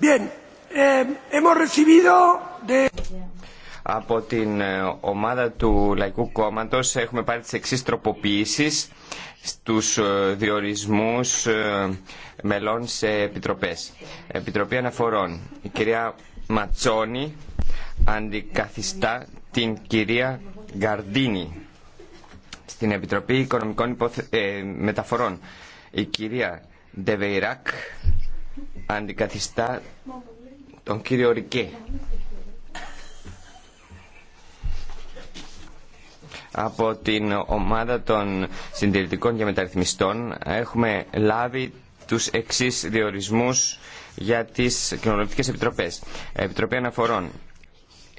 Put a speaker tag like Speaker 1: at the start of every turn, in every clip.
Speaker 1: Eh, Από την ε, ομάδα του Λαϊκού Κόμματος έχουμε πάρει τις εξής τροποποιήσεις στους ε, διορισμούς ε, μελών σε επιτροπές. Επιτροπή Αναφορών. Η κυρία Ματσόνη αντικαθιστά την κυρία Γκαρντίνη. Στην Επιτροπή Οικονομικών Μεταφορών. Η κυρία Ντεβεϊράκ αντικαθιστά τον κύριο Ρικέ. Από την ομάδα των συντηρητικών και μεταρρυθμιστών έχουμε λάβει τους εξής διορισμούς για τις κοινωνικές επιτροπές. Επιτροπή Αναφορών,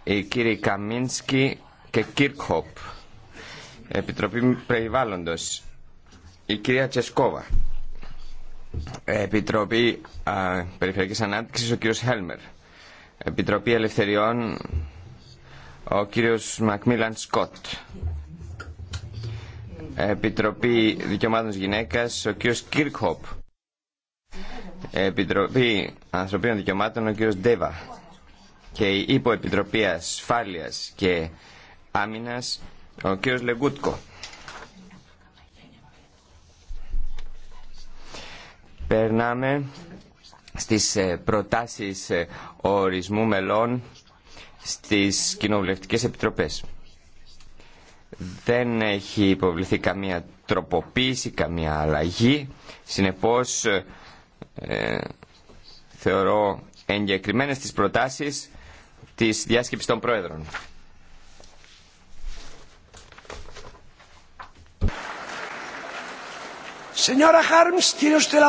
Speaker 1: η κύριοι Καμίνσκι και Κίρκχοπ. Επιτροπή Περιβάλλοντος, η κυρία Τσεσκόβα. Επιτροπή α, Περιφερειακής Ανάπτυξης, ο κύριος Χέλμερ. Επιτροπή Ελευθεριών, ο κύριος Μακμίλαν Σκοτ. Επιτροπή Δικαιωμάτων Γυναίκας, ο κύριος Κίρκχοπ. Επιτροπή Ανθρωπίνων Δικαιωμάτων, ο κύριος Ντέβα. Και η Υποεπιτροπή Ασφάλειας και Άμυνας, ο κύριος Λεγκούτκο. Περνάμε στις ε, προτάσεις ε, ορισμού μελών στις κοινοβουλευτικές επιτροπές. Δεν έχει υποβληθεί καμία τροποποίηση, καμία αλλαγή. Συνεπώς, ε, θεωρώ εγκεκριμένες τις προτάσεις της διάσκεψης των Πρόεδρων. Señora Harms,